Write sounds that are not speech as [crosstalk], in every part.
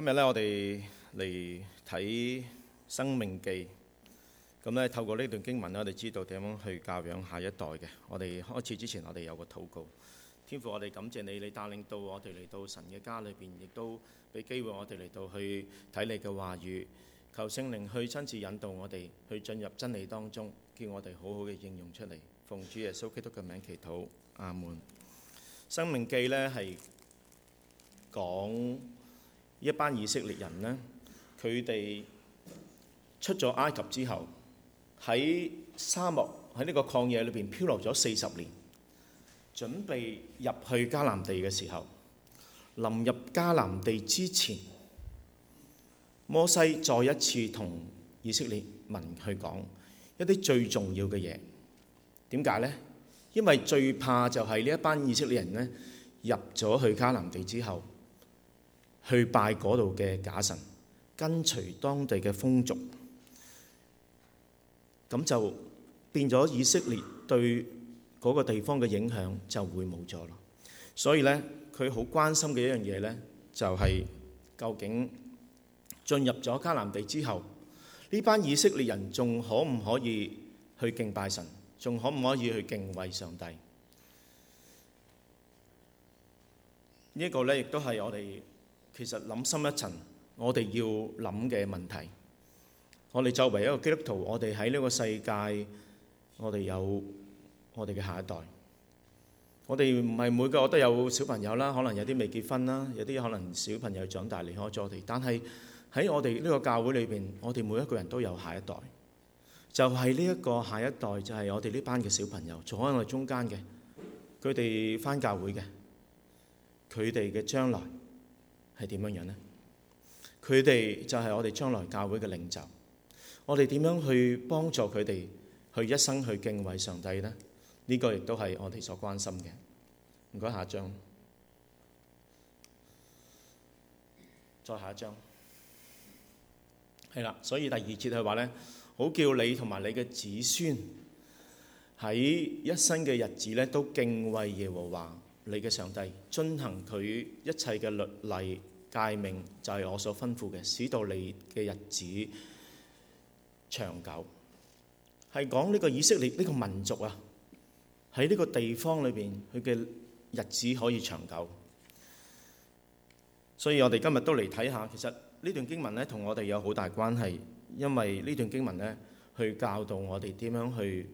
今日咧，我哋嚟睇《申命記》嗯，咁咧透過呢段經文咧，我哋知道點樣去教養下一代嘅。我哋開始之前，我哋有個禱告。天父，我哋感謝你，你帶領到我哋嚟到神嘅家裏邊，亦都俾機會我哋嚟到去睇你嘅話語。求聖靈去親自引導我哋去進入真理當中，叫我哋好好嘅應用出嚟。奉主耶穌基督嘅名祈禱，阿門。《申命記》呢係講。一班以色列人呢，佢哋出咗埃及之後，喺沙漠，喺呢個曠野裏邊漂流咗四十年，準備入去迦南地嘅時候，臨入迦南地之前，摩西再一次同以色列民去講一啲最重要嘅嘢。點解呢？因為最怕就係呢一班以色列人呢入咗去迦南地之後。去拜嗰度嘅假神，跟隨當地嘅風俗，咁就變咗以色列對嗰個地方嘅影響就會冇咗咯。所以呢，佢好關心嘅一樣嘢呢，就係究竟進入咗迦南地之後，呢班以色列人仲可唔可以去敬拜神，仲可唔可以去敬畏上帝？呢個呢亦都係我哋。其實諗深一層，我哋要諗嘅問題，我哋作為一個基督徒，我哋喺呢個世界，我哋有我哋嘅下一代。我哋唔係每個都有小朋友啦，可能有啲未結婚啦，有啲可能小朋友長大離開咗我哋。但係喺我哋呢個教會裏邊，我哋每一個人都有下一代，就係呢一個下一代，就係我哋呢班嘅小朋友，坐喺我哋中間嘅，佢哋返教會嘅，佢哋嘅將來。係點樣樣呢？佢哋就係我哋將來教會嘅領袖，我哋點樣去幫助佢哋去一生去敬畏上帝呢？呢個亦都係我哋所關心嘅。唔該，下一章，再下一章，係啦。所以第二節係話呢：好叫你同埋你嘅子孫喺一生嘅日子呢，都敬畏耶和華你嘅上帝，遵行佢一切嘅律例誡命，就係我所吩咐嘅，使到你嘅日子長久。係講呢個以色列呢個民族啊，喺呢個地方裏邊佢嘅日子可以長久。所以我哋今日都嚟睇下，其實呢段經文呢同我哋有好大關係，因為呢段經文呢去教導我哋點樣去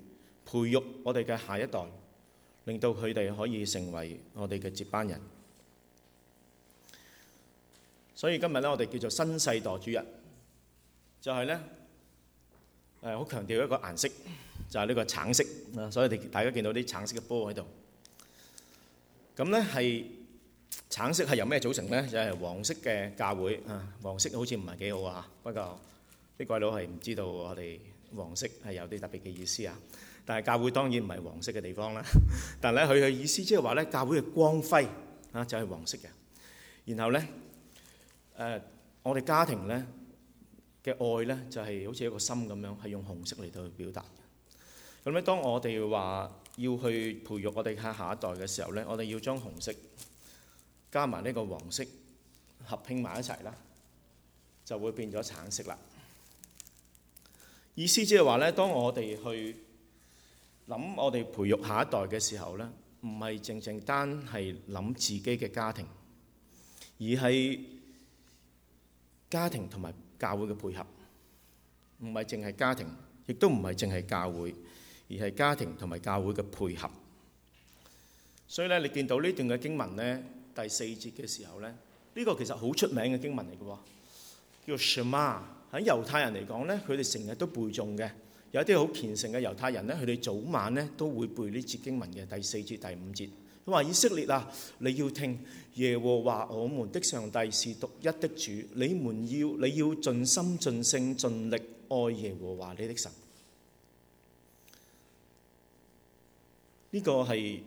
培育我哋嘅下一代。令到佢哋可以成為我哋嘅接班人，所以今日呢，我哋叫做新世代主日，就係呢誒好強調一個顏色，就係呢個橙色啊！所以哋大家見到啲橙色嘅波喺度。咁呢係橙色係由咩組成呢？就係黃色嘅教會啊，黃色好似唔係幾好啊，不過啲鬼佬係唔知道我哋黃色係有啲特別嘅意思啊。但係教會當然唔係黃色嘅地方啦， [laughs] 但係咧佢嘅意思即係話咧，教會嘅光輝啊就係、是、黃色嘅。然後咧，誒、呃、我哋家庭咧嘅愛咧就係、是、好似一個心咁樣，係用紅色嚟到去表達。咁咧，當我哋話要去培育我哋嘅下一代嘅時候咧，我哋要將紅色加埋呢個黃色合併埋一齊啦，就會變咗橙色啦。意思即係話咧，當我哋去諗我哋培育下一代嘅時候咧，唔係淨淨單係諗自己嘅家庭，而係家庭同埋教會嘅配合，唔係淨係家庭，亦都唔係淨係教會，而係家庭同埋教會嘅配合。所以咧，你見到呢段嘅經文咧，第四節嘅時候咧，呢個其實好出名嘅經文嚟嘅，叫做 Shema。喺猶太人嚟講咧，佢哋成日都背誦嘅。有啲好虔誠嘅猶太人呢，佢哋早晚呢都會背呢節經文嘅第四節、第五節。佢話，以色列啊，你要聽耶和華我們的上帝是獨一的主，你們要你要盡心、盡性、盡力愛耶和華你的神。呢個係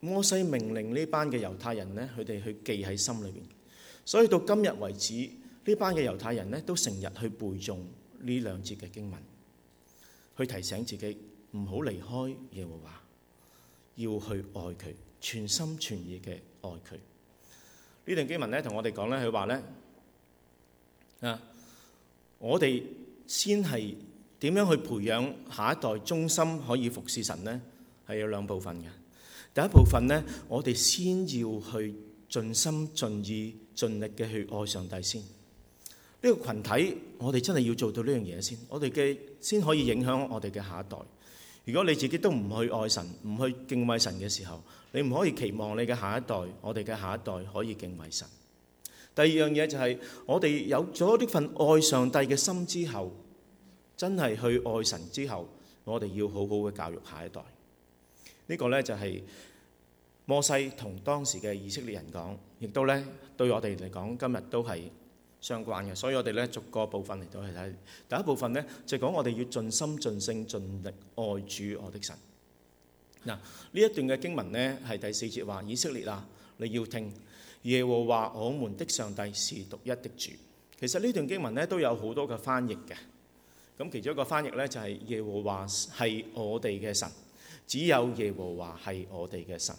摩西命令呢班嘅猶太人呢佢哋去記喺心裏邊，所以到今日為止，呢班嘅猶太人呢都成日去背誦呢兩節嘅經文。去提醒自己唔好離開耶和華，要去愛佢，全心全意嘅愛佢。呢段經文咧同我哋講咧，佢話咧啊，我哋先係點樣去培養下一代忠心可以服侍神呢？係有兩部分嘅。第一部分呢，我哋先要去盡心盡意盡力嘅去愛上帝先。呢個群體我哋真係要做到呢樣嘢先，我哋嘅。先可以影響我哋嘅下一代。如果你自己都唔去愛神、唔去敬畏神嘅時候，你唔可以期望你嘅下一代、我哋嘅下一代可以敬畏神。第二樣嘢就係，我哋有咗呢份愛上帝嘅心之後，真係去愛神之後，我哋要好好嘅教育下一代。呢個呢，就係摩西同當時嘅以色列人講，亦都呢對我哋嚟講今日都係。相關嘅，所以我哋咧逐個部分嚟到去睇。第一部分呢，就講我哋要盡心盡性盡力愛主我的神。嗱，呢一段嘅經文呢，係第四節話：以色列啊，你要聽耶和華我們的上帝是獨一的主。其實呢段經文呢，都有好多嘅翻譯嘅。咁其中一個翻譯呢，就係耶和華係我哋嘅神，只有耶和華係我哋嘅神。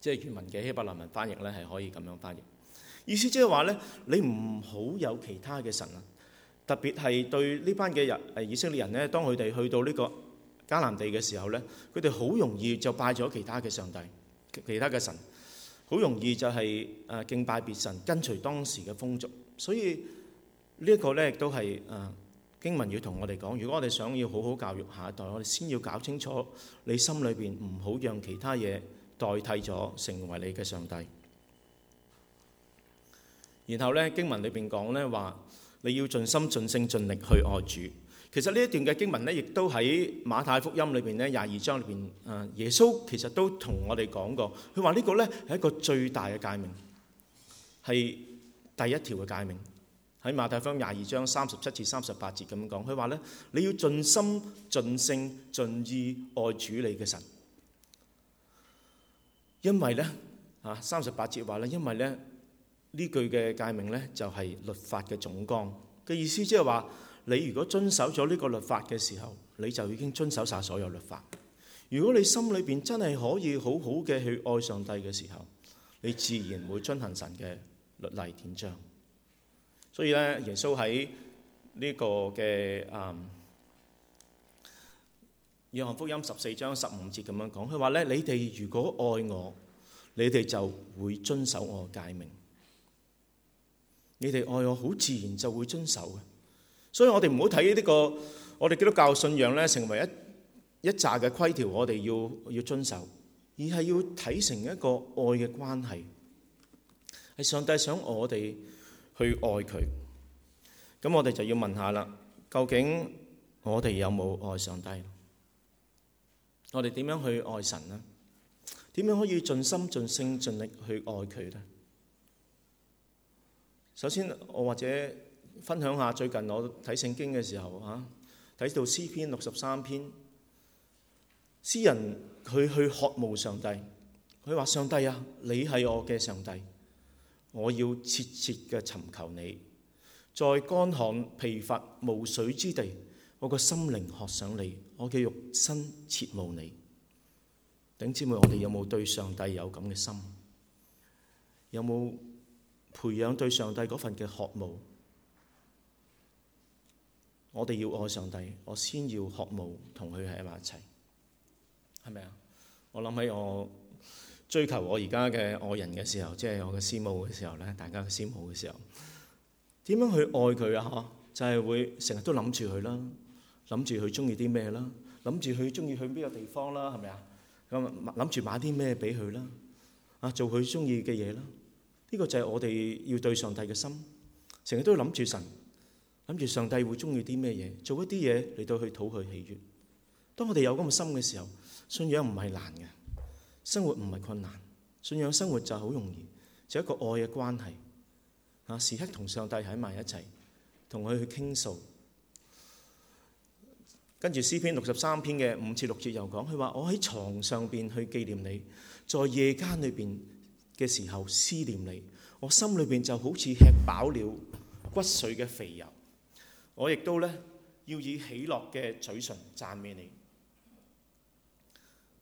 即係原文嘅希伯來文翻譯呢，係可以咁樣翻譯。意思即係話咧，你唔好有其他嘅神啊！特別係對呢班嘅人，誒以色列人咧，當佢哋去到呢個迦南地嘅時候咧，佢哋好容易就拜咗其他嘅上帝、其他嘅神，好容易就係誒敬拜別神，跟隨當時嘅風俗。所以呢一個咧，亦都係誒經文要同我哋講。如果我哋想要好好教育下一代，我哋先要搞清楚你心裏邊唔好讓其他嘢代替咗成為你嘅上帝。然後咧，經文裏邊講咧話，你要盡心盡性盡力去愛主。其實呢一段嘅經文咧，亦都喺馬太福音裏邊咧廿二章裏邊，啊耶穌其實都同我哋講過，佢話呢個咧係一個最大嘅誡命，係第一條嘅誡命。喺馬太福音廿二章三十七至三十八節咁講，佢話咧，你要盡心盡性盡意愛主你嘅神，因為咧啊三十八節話咧，因為咧。呢句嘅誡命呢，就係、是、律法嘅總綱，嘅意思，即係話，你如果遵守咗呢個律法嘅時候，你就已經遵守晒所有律法。如果你心裏邊真係可以好好嘅去愛上帝嘅時候，你自然會遵行神嘅律例典章。所以呢，耶穌喺呢個嘅《嗯約翰福音》十四章十五節咁樣講，佢話：「呢，你哋如果愛我，你哋就會遵守我嘅誡命。你哋愛我，好自然就會遵守嘅。所以我哋唔好睇呢個我哋基督教信仰咧，成為一一紮嘅規條，我哋要要遵守，而係要睇成一個愛嘅關係。係上帝想我哋去愛佢，咁我哋就要問下啦：究竟我哋有冇愛上帝？我哋點樣去愛神呢？點樣可以盡心盡性盡力去愛佢呢？首先，我或者分享下最近我睇聖經嘅時候吓睇、啊、到詩篇六十三篇，詩人佢去渴慕上帝，佢話，上帝啊，你係我嘅上帝，我要切切嘅尋求你，在乾旱疲乏無水之地，我個心靈渴想你，我嘅肉身切慕你。頂姊妹，我哋有冇對上帝有咁嘅心？有冇？培養對上帝嗰份嘅渴慕，我哋要愛上帝，我先要渴慕同佢喺埋一齊，係咪啊？我諗起我追求我而家嘅愛人嘅時候，即係我嘅師母嘅時候咧，大家嘅師母嘅時候，點樣去愛佢啊？嗬，就係、是、會成日都諗住佢啦，諗住佢中意啲咩啦，諗住佢中意去邊個地方啦，係咪啊？咁諗住買啲咩俾佢啦，啊，做佢中意嘅嘢啦。呢個就係我哋要對上帝嘅心，成日都要諗住神，諗住上帝會中意啲咩嘢，做一啲嘢嚟到去討佢喜悅。當我哋有咁嘅心嘅時候，信仰唔係難嘅，生活唔係困難，信仰生活就好容易，就一個愛嘅關係。嚇，時刻同上帝喺埋一齊，同佢去傾訴。跟住詩篇六十三篇嘅五至六節又講，佢話：我喺床上邊去紀念你，在夜間裏邊。嘅時候思念你，我心裏邊就好似吃飽了骨髓嘅肥油，我亦都咧要以喜樂嘅嘴唇讚美你。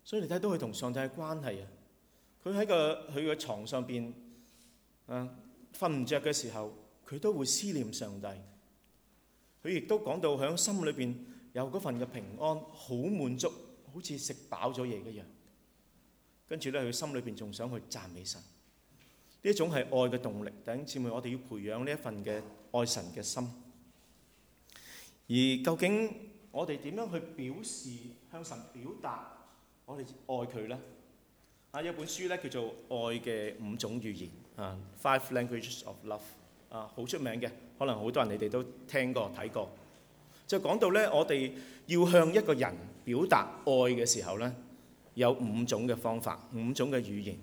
所以你睇到佢同上帝嘅關係啊，佢喺個佢嘅牀上邊啊瞓唔著嘅時候，佢都會思念上帝。佢亦都講到響心裏邊有嗰份嘅平安，好滿足，好似食飽咗嘢一樣。跟住咧，佢心裏邊仲想去讚美神，呢一種係愛嘅動力。弟兄姊妹，我哋要培養呢一份嘅愛神嘅心。而究竟我哋點樣去表示向神表達我哋愛佢咧？啊，有本書咧叫做《愛嘅五種語言》啊，《Five Languages of Love》啊，好出名嘅，可能好多人你哋都聽過睇過。就講到咧，我哋要向一個人表達愛嘅時候咧。有五種嘅方法，五種嘅語言。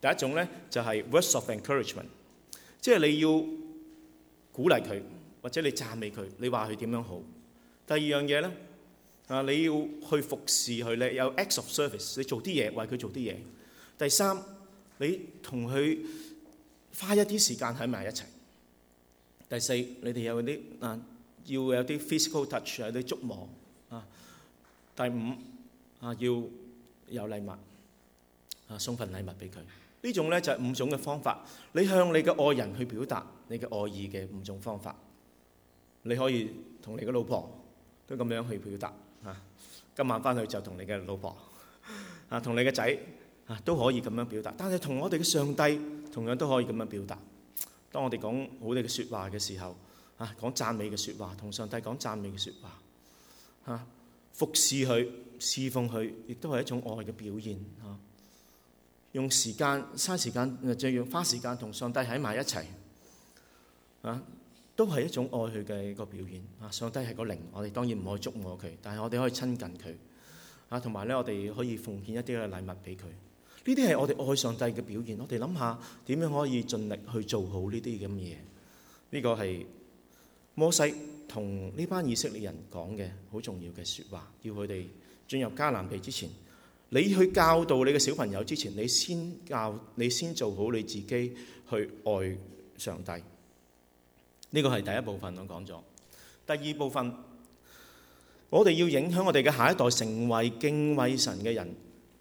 第一種咧就係 words of encouragement，即係你要鼓勵佢，或者你讚美佢，你話佢點樣好。第二樣嘢咧啊，你要去服侍佢咧，有 acts of service，你做啲嘢為佢做啲嘢。第三，你同佢花一啲時間喺埋一齊。第四，你哋有嗰啲啊要有啲 physical touch，有啲觸摸啊。第五啊要，有禮物啊，送份禮物俾佢。呢種呢就係五種嘅方法，你向你嘅愛人去表達你嘅愛意嘅五種方法。你可以同你嘅老婆都咁樣去表達啊。今晚翻去就同你嘅老婆啊，同你嘅仔啊都可以咁樣表達。但係同我哋嘅上帝同樣都可以咁樣表達。當我哋講好啲嘅説話嘅時候啊，講讚美嘅説話，同上帝講讚美嘅説話啊，服侍佢。侍奉佢亦都係一種愛嘅表現嚇、啊，用時間嘥時間，誒、呃，仲要花時間同上帝喺埋一齊啊，都係一種愛佢嘅一個表現啊。上帝係個靈，我哋當然唔可以捉摸佢，但係我哋可以親近佢啊。同埋咧，我哋可以奉獻一啲嘅禮物俾佢。呢啲係我哋愛上帝嘅表現。我哋諗下點樣可以盡力去做好呢啲咁嘅嘢？呢、這個係摩西同呢班以色列人講嘅好重要嘅説話，叫佢哋。進入迦南地之前，你去教導你嘅小朋友之前，你先教，你先做好你自己，去愛上帝。呢個係第一部分，我講咗。第二部分，我哋要影響我哋嘅下一代成為敬畏神嘅人，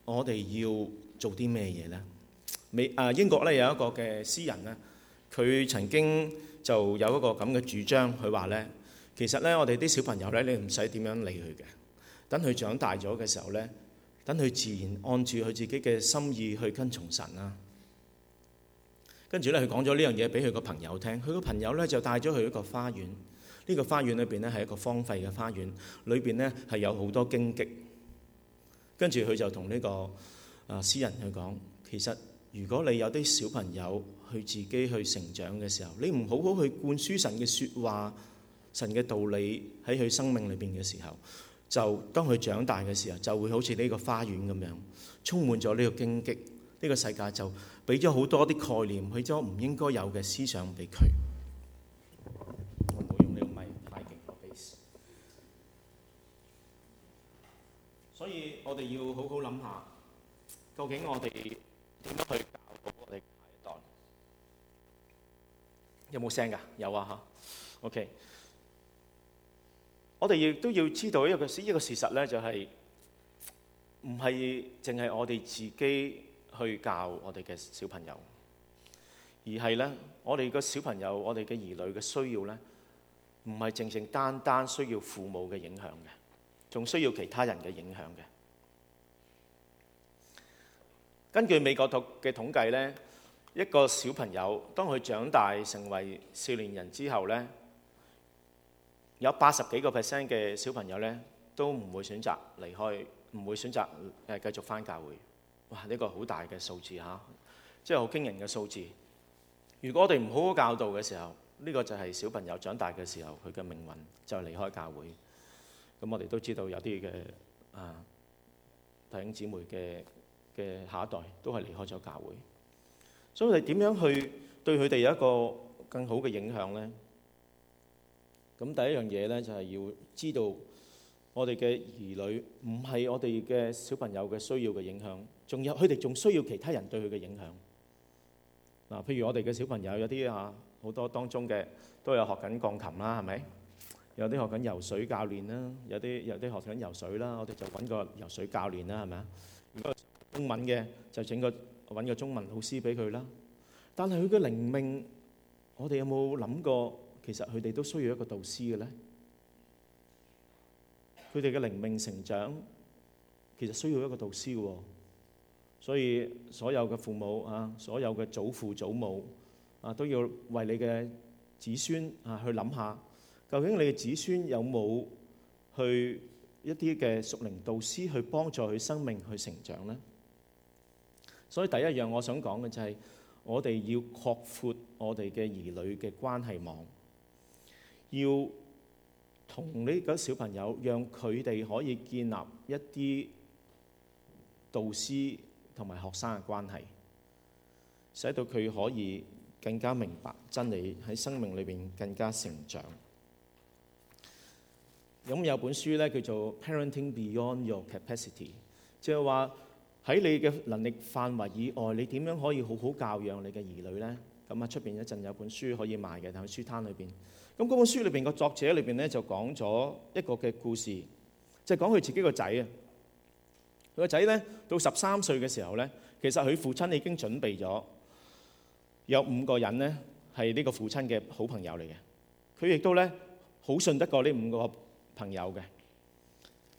我哋要做啲咩嘢呢？美啊，英國咧有一個嘅詩人咧，佢曾經就有一個咁嘅主張，佢話呢，其實呢，我哋啲小朋友呢，你唔使點樣理佢嘅。等佢長大咗嘅時候呢，等佢自然按住佢自己嘅心意去跟從神啦、啊。跟住咧，佢講咗呢樣嘢俾佢個朋友聽。佢個朋友呢，就帶咗佢去一個花園。呢、這個花園裏邊呢，係一個荒廢嘅花園，裏邊呢，係有好多荊棘。跟住佢就同呢個啊詩人去講，其實如果你有啲小朋友去自己去成長嘅時候，你唔好好去灌輸神嘅説話、神嘅道理喺佢生命裏邊嘅時候。就當佢長大嘅時候，就會好似呢個花園咁樣，充滿咗呢個荊棘。呢個世界就俾咗好多啲概念，去咗唔應該有嘅思想俾佢。唔好用呢個咪太極個 base。所以我哋要好好諗下，究竟我哋點樣去教到我哋下一代？有冇聲㗎？有啊嚇。OK。我哋亦都要知道一個事，一個事實咧，就係唔係淨係我哋自己去教我哋嘅小朋友，而係咧，我哋個小朋友、我哋嘅兒女嘅需要咧，唔係淨淨單單需要父母嘅影響嘅，仲需要其他人嘅影響嘅。根據美國統嘅統計咧，一個小朋友當佢長大成為少年人之後咧，有八十幾個 percent 嘅小朋友呢，都唔會選擇離開，唔會選擇誒繼續返教會。哇！呢、這個好大嘅數字嚇，即係好驚人嘅數字。如果我哋唔好好教導嘅時候，呢、這個就係小朋友長大嘅時候佢嘅命運就離開教會。咁、嗯、我哋都知道有啲嘅啊弟兄姊妹嘅嘅下一代都係離開咗教會，所以我哋點樣去對佢哋有一個更好嘅影響呢？咁第一樣嘢咧，就係要知道我哋嘅兒女唔係我哋嘅小朋友嘅需要嘅影響，仲有佢哋仲需要其他人對佢嘅影響。嗱，譬如我哋嘅小朋友有啲嚇，好多當中嘅都有學緊鋼琴啦，係咪？有啲學緊游水教練啦，有啲有啲學緊游水啦，我哋就揾個游水教練啦，係咪啊？如果中文嘅就請個揾個中文老師俾佢啦。但係佢嘅靈命，我哋有冇諗過？其實佢哋都需要一個導師嘅咧，佢哋嘅靈命成長其實需要一個導師嘅，所以所有嘅父母啊，所有嘅祖父祖母啊，都要為你嘅子孫啊去諗下，究竟你嘅子孫有冇去一啲嘅屬靈導師去幫助佢生命去成長咧？所以第一樣我想講嘅就係我哋要擴闊我哋嘅兒女嘅關係網。要同呢個小朋友，讓佢哋可以建立一啲導師同埋學生嘅關係，使到佢可以更加明白真理，喺生命裏邊更加成長。咁有本書呢，叫做《Parenting Beyond Your Capacity》，即係話喺你嘅能力範圍以外，你點樣可以好好教養你嘅兒女呢？咁啊，出邊一陣有本書可以賣嘅，但喺書攤裏邊。咁嗰本書裏邊個作者裏邊咧就講咗一個嘅故事，就係講佢自己個仔啊。佢個仔咧到十三歲嘅時候咧，其實佢父親已經準備咗有五個人咧，係呢個父親嘅好朋友嚟嘅。佢亦都咧好信得過呢五個朋友嘅。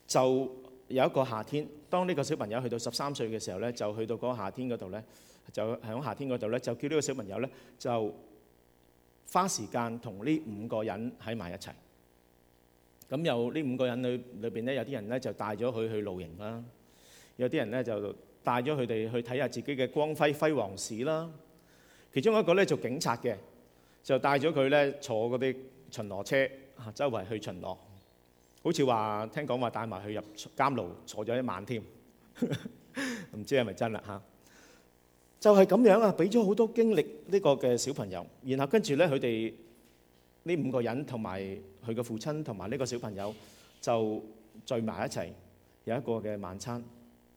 就有一個夏天，當呢個小朋友去到十三歲嘅時候咧，就去到嗰個夏天嗰度咧，就喺夏天嗰度咧就叫呢個小朋友咧就。花時間同呢五個人喺埋一齊，咁有呢五個人裏裏邊咧，有啲人咧就帶咗佢去露營啦，有啲人咧就帶咗佢哋去睇下自己嘅光輝輝煌史啦。其中一個咧做警察嘅，就帶咗佢咧坐嗰啲巡邏車啊，周圍去巡邏。好似話聽講話帶埋佢入監牢坐咗一晚添，唔 [laughs] 知係咪真啦嚇？就係咁樣啊！俾咗好多經歷呢個嘅小朋友，然後跟住呢，佢哋呢五個人同埋佢嘅父親同埋呢個小朋友就聚埋一齊，有一個嘅晚餐。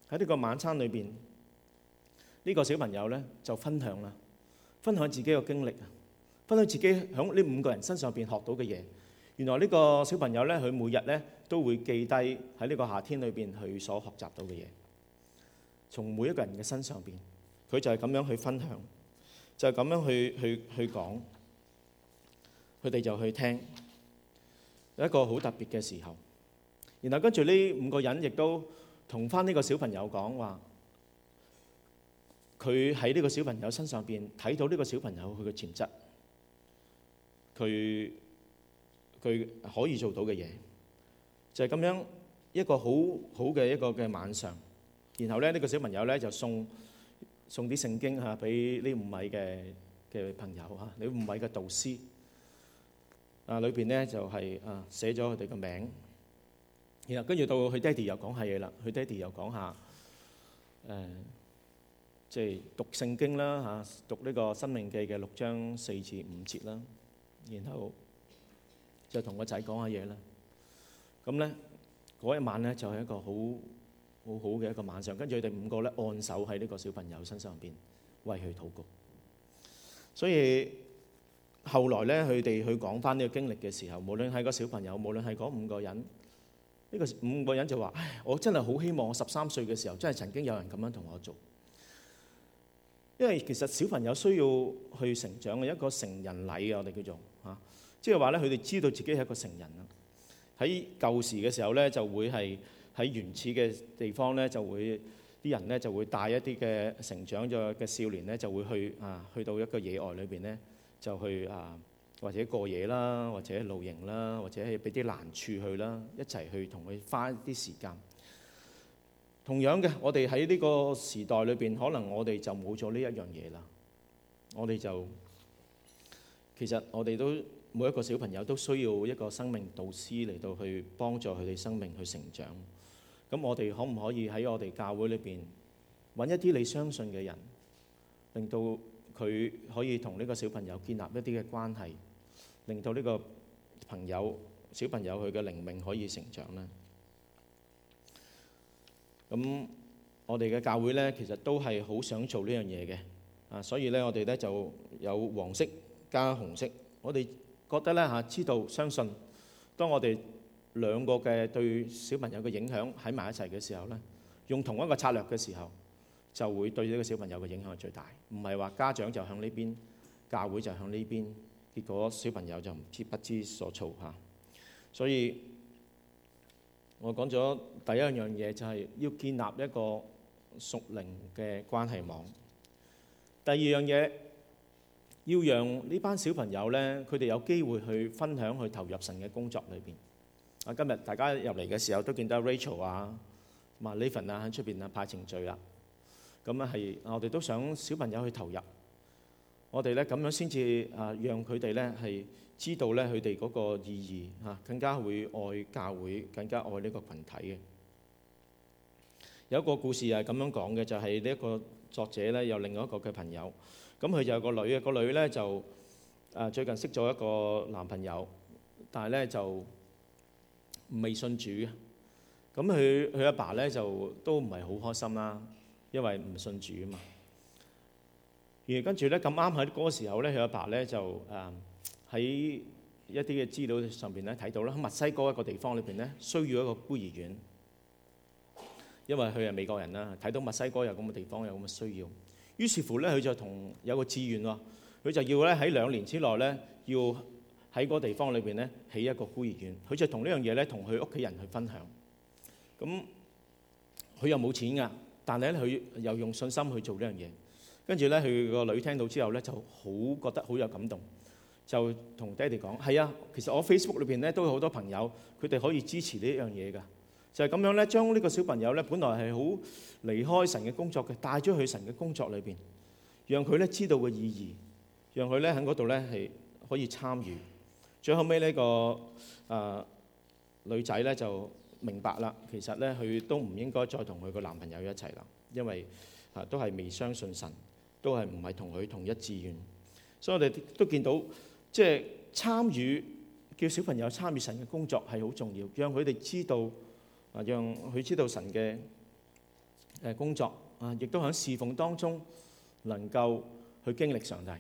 喺呢個晚餐裏邊，呢個小朋友呢就分享啦，分享自己嘅經歷啊，分享自己喺呢五個人身上邊學到嘅嘢。原來呢個小朋友呢，佢每日呢都會記低喺呢個夏天裏邊佢所學習到嘅嘢，從每一個人嘅身上邊。佢就係咁樣去分享，就係咁樣去去去講，佢哋就去聽。有一個好特別嘅時候，然後跟住呢五個人亦都同返呢個小朋友講話，佢喺呢個小朋友身上邊睇到呢個小朋友佢嘅潛質，佢佢可以做到嘅嘢，就係咁樣一個好好嘅一個嘅晚上。然後咧，呢個小朋友咧就送。送啲聖經嚇俾呢五位嘅嘅朋友嚇，呢五位嘅導師啊，裏邊咧就係啊寫咗佢哋嘅名，然後跟住到佢爹哋又講下嘢啦，佢爹哋又講下誒，即係讀聖經啦嚇，讀呢個《申命記》嘅六章四節五節啦，然後就同個仔講下嘢啦，咁咧嗰一晚咧就係一個好好好嘅一個晚上，跟住佢哋五個咧按手喺呢個小朋友身上邊為佢禱告。所以後來咧，佢哋去講返呢個經歷嘅時候，無論係個小朋友，無論係嗰五個人，呢個五個人就話：我真係好希望我十三歲嘅時候，真係曾經有人咁樣同我做。因為其實小朋友需要去成長嘅一個成人禮啊，我哋叫做嚇，即係話咧，佢哋知道自己係一個成人啦。喺舊時嘅時候咧，就會係。喺原始嘅地方咧，就會啲人咧就會帶一啲嘅成長咗嘅少年咧，就會去啊，去到一個野外裏邊咧，就去啊，或者過夜啦，或者露營啦，或者係俾啲難處去啦，一齊去同佢花啲時間。同樣嘅，我哋喺呢個時代裏邊，可能我哋就冇咗呢一樣嘢啦。我哋就其實我哋都每一個小朋友都需要一個生命導師嚟到去幫助佢哋生命去成長。咁我哋可唔可以喺我哋教會裏邊搵一啲你相信嘅人，令到佢可以同呢個小朋友建立一啲嘅關係，令到呢個朋友小朋友佢嘅靈命可以成長呢？咁我哋嘅教會呢，其實都係好想做呢樣嘢嘅，啊，所以呢，我哋呢就有黃色加紅色，我哋覺得呢，嚇知道相信，當我哋。兩個嘅對小朋友嘅影響喺埋一齊嘅時候呢，用同一個策略嘅時候就會對呢個小朋友嘅影響係最大。唔係話家長就向呢邊，教會就向呢邊，結果小朋友就唔知不知所措嚇。所以我講咗第一樣嘢就係要建立一個屬靈嘅關係網。第二樣嘢要讓呢班小朋友呢，佢哋有機會去分享去投入神嘅工作裏邊。啊！今日大家入嚟嘅時候都見到 Rachel 啊，同埋 Levin 啊，喺出邊啊派程序啦。咁啊，係我哋都想小朋友去投入，我哋咧咁樣先至啊，讓佢哋咧係知道咧佢哋嗰個意義嚇、啊，更加會愛教會，更加愛呢個群體嘅。有一個故事係咁樣講嘅，就係呢一個作者咧，有另外一個嘅朋友，咁佢就有個女嘅，個女咧就啊最近識咗一個男朋友，但係咧就，未信主嘅，咁佢佢阿爸咧就都唔係好開心啦，因為唔信主啊嘛。然後跟住咧咁啱喺嗰個時候咧，佢阿爸咧就誒喺、呃、一啲嘅資料上邊咧睇到啦，喺墨西哥一個地方裏邊咧需要一個孤兒院，因為佢係美國人啦，睇到墨西哥有咁嘅地方有咁嘅需要，於是乎咧佢就同有個志願喎，佢就要咧喺兩年之內咧要。喺嗰個地方裏邊咧起一個孤兒院，佢就同呢樣嘢咧同佢屋企人去分享。咁佢又冇錢㗎，但係咧佢又用信心去做呢樣嘢。跟住咧佢個女聽到之後咧就好覺得好有感動，就同爹哋講：係啊，其實我 Facebook 裏邊咧都有好多朋友，佢哋可以支持呢一樣嘢㗎。就係咁樣咧，將呢個小朋友咧本來係好離開神嘅工作嘅，帶咗去神嘅工作裏邊，讓佢咧知道個意義，讓佢咧喺嗰度咧係可以參與。最後尾呢個誒女仔咧就明白啦，其實咧佢都唔應該再同佢個男朋友一齊啦，因為啊都係未相信神，都係唔係同佢同一志願。所以我哋都見到，即係參與叫小朋友參與神嘅工作係好重要，讓佢哋知道啊，讓佢知道神嘅誒工作啊，亦都喺侍奉當中能夠去經歷上帝。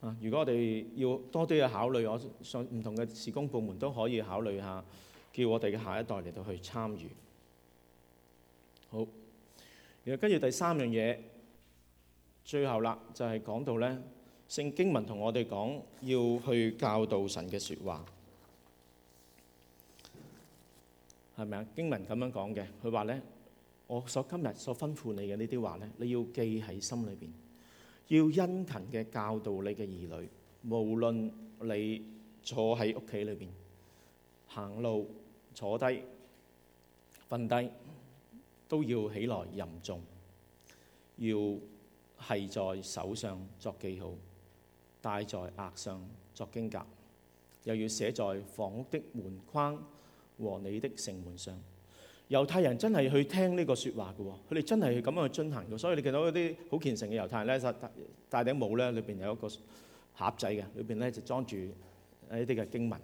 啊！如果我哋要多啲嘅考慮，我想唔同嘅事工部門都可以考慮下，叫我哋嘅下一代嚟到去參與。好，然後跟住第三樣嘢，最後啦，就係、是、講到咧聖經文同我哋講要去教導神嘅説話，係咪啊？經文咁樣講嘅，佢話咧，我所今日所吩咐你嘅呢啲話咧，你要記喺心裏邊。要殷勤嘅教導你嘅兒女，無論你坐喺屋企裏邊、行路、坐低、瞓低，都要起來吟重。要係在手上作記號，戴在額上作經格，又要寫在房屋的門框和你的城門上。猶太人真係去聽呢個説話嘅喎，佢哋真係咁樣去進行嘅，所以你見到嗰啲好虔誠嘅猶太人咧，就戴頂帽咧，裏邊有一個盒仔嘅，裏邊咧就裝住一啲嘅經文。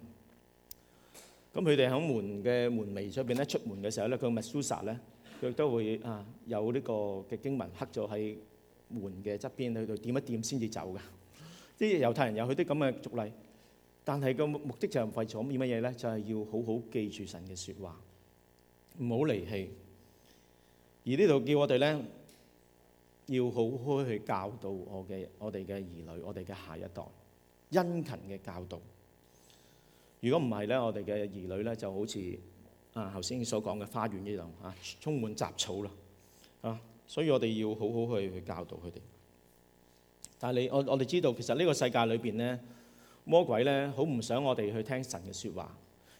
咁佢哋喺門嘅門楣上邊咧，出門嘅時候咧，佢密蘇沙咧佢都會啊有呢個嘅經文刻咗喺門嘅側邊，去到點一點先至走嘅。啲猶太人有佢啲咁嘅俗例，但係個目的就係為咗乜嘢咧？就係要好好記住神嘅説話。唔好離棄，而呢度叫我哋咧要好好去教導我嘅我哋嘅兒女，我哋嘅下一代，殷勤嘅教導。如果唔係咧，我哋嘅兒女咧就好似啊頭先所講嘅花園一樣，啊，充滿雜草啦，啊，所以我哋要好好去去教導佢哋。但係你我我哋知道，其實呢個世界裏邊咧，魔鬼咧好唔想我哋去聽神嘅説話。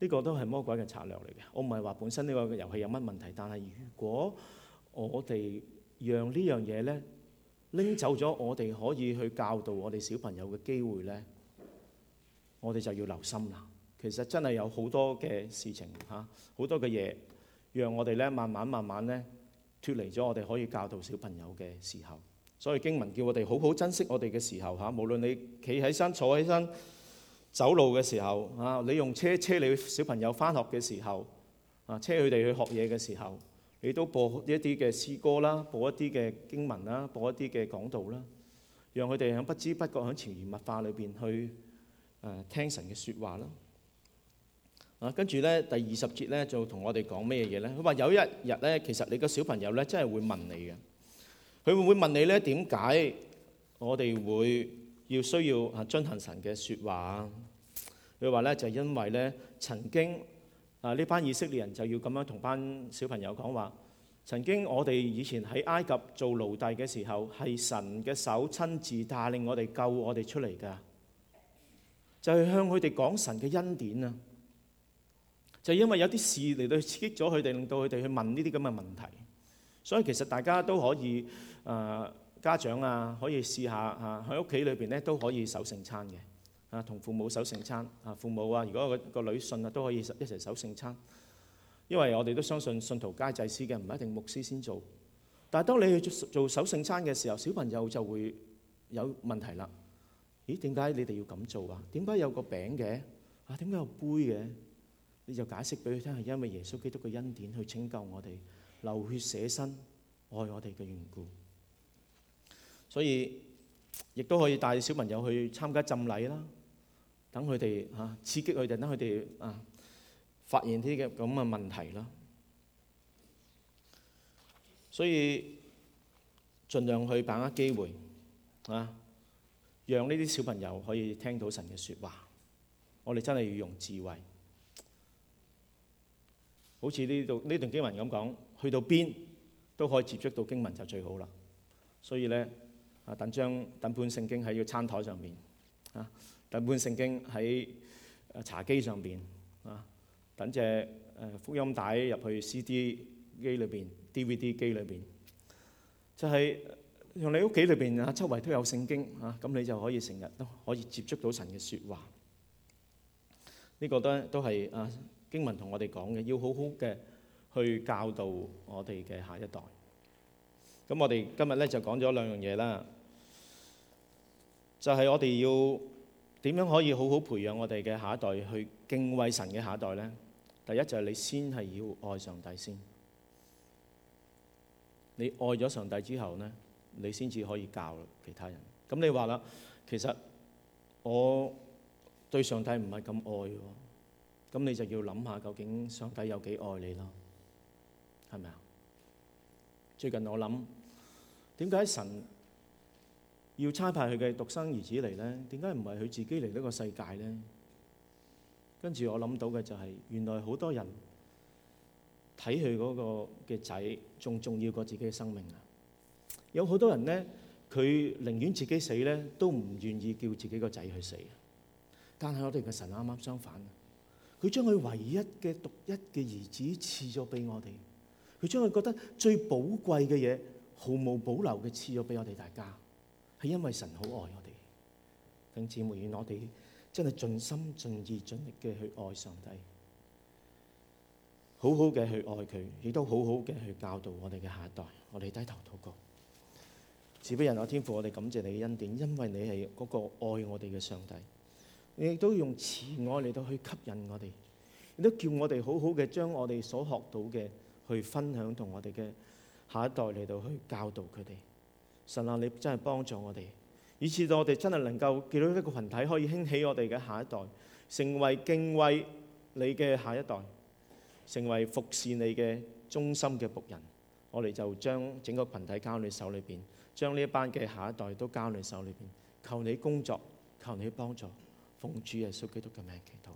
呢個都係魔鬼嘅策略嚟嘅，我唔係話本身呢個遊戲有乜問題，但係如果我哋讓呢樣嘢呢拎走咗，我哋可以去教導我哋小朋友嘅機會呢，我哋就要留心啦。其實真係有好多嘅事情嚇，好多嘅嘢讓我哋呢慢慢慢慢呢脱離咗我哋可以教導小朋友嘅時候，所以經文叫我哋好好珍惜我哋嘅時候嚇，無論你企喺身坐喺身。走路嘅時候啊，你用車車你小朋友翻學嘅時候啊，車佢哋去學嘢嘅時候，你都播一啲嘅詩歌啦，播一啲嘅經文啦，播一啲嘅講道啦，讓佢哋喺不知不覺喺潛移默化裏邊去誒聽神嘅説話啦。啊，呢跟住咧第二十節咧就同我哋講咩嘢咧？佢話有一日咧，其實你個小朋友咧真係會問你嘅，佢會唔會問你咧點解我哋會？要需要啊遵行神嘅説話，佢話咧就係、因為咧曾經啊呢、呃、班以色列人就要咁樣同班小朋友講話，曾經我哋以前喺埃及做奴隸嘅時候係神嘅手親自帶領我哋救我哋出嚟噶，就係、係、向佢哋講神嘅恩典啊！就係、因為有啲事嚟到刺激咗佢哋，令到佢哋去問呢啲咁嘅問題，所以其實大家都可以啊。呃家長啊，可以試下嚇喺屋企裏邊咧都可以守聖餐嘅嚇，同父母守聖餐嚇，父母啊，如果個女信啊都可以一齊守聖餐。因為我哋都相信信徒皆祭司嘅，唔一定牧師先做。但係當你去做做守聖餐嘅時候，小朋友就會有問題啦。咦？點解你哋要咁做啊？點解有個餅嘅啊？點解有杯嘅？你就解釋俾佢聽，係因為耶穌基督嘅恩典去拯救我哋，流血捨身愛我哋嘅緣故。所以亦都可以帶小朋友去參加浸禮啦，等佢哋嚇刺激佢哋，等佢哋啊發現啲嘅咁嘅問題啦。所以盡量去把握機會啊，讓呢啲小朋友可以聽到神嘅説話。我哋真係要用智慧，好似呢度呢段經文咁講，去到邊都可以接觸到經文就最好啦。所以咧。啊！等張等本聖經喺個餐台上面，啊！等本聖經喺誒茶几上面，啊！等隻誒福音帶入去 CD 機裏邊、DVD 機裏邊，就係用你屋企裏邊啊周圍都有聖經啊，咁你就可以成日都可以接觸到神嘅說話。呢個都都係啊經文同我哋講嘅，要好好嘅去教導我哋嘅下一代。咁我哋今日咧就講咗兩樣嘢啦。就係我哋要點樣可以好好培養我哋嘅下一代去敬畏神嘅下一代呢？第一就係、是、你先係要愛上帝先，你愛咗上帝之後呢，你先至可以教其他人。咁你話啦，其實我對上帝唔係咁愛喎，咁你就要諗下究竟上帝有幾愛你啦？係咪啊？最近我諗點解神，要差派佢嘅獨生兒子嚟咧，點解唔係佢自己嚟呢個世界咧？跟住我諗到嘅就係，原來好多人睇佢嗰個嘅仔仲重要過自己嘅生命啊！有好多人咧，佢寧願自己死咧，都唔願意叫自己個仔去死。但係我哋嘅神啱啱相反，佢將佢唯一嘅獨一嘅兒子賜咗俾我哋，佢將佢覺得最寶貴嘅嘢毫無保留嘅賜咗俾我哋大家。係因為神好愛我哋，更姊妹願我哋真係盡心盡意盡力嘅去愛上帝，好好嘅去愛佢，亦都好好嘅去教導我哋嘅下一代。我哋低頭禱告，慈悲人我天父，我哋感謝你嘅恩典，因為你係嗰個愛我哋嘅上帝，你亦都用慈愛嚟到去吸引我哋，亦都叫我哋好好嘅將我哋所學到嘅去分享同我哋嘅下一代嚟到去教導佢哋。神啊，你真係幫助我哋，以致到我哋真係能夠見到一個群體可以興起我哋嘅下一代，成為敬畏你嘅下一代，成為服侍你嘅忠心嘅僕人，我哋就將整個群體交你手裏邊，將呢一班嘅下一代都交你手裏邊，求你工作，求你幫助，奉主耶穌基督嘅名祈禱。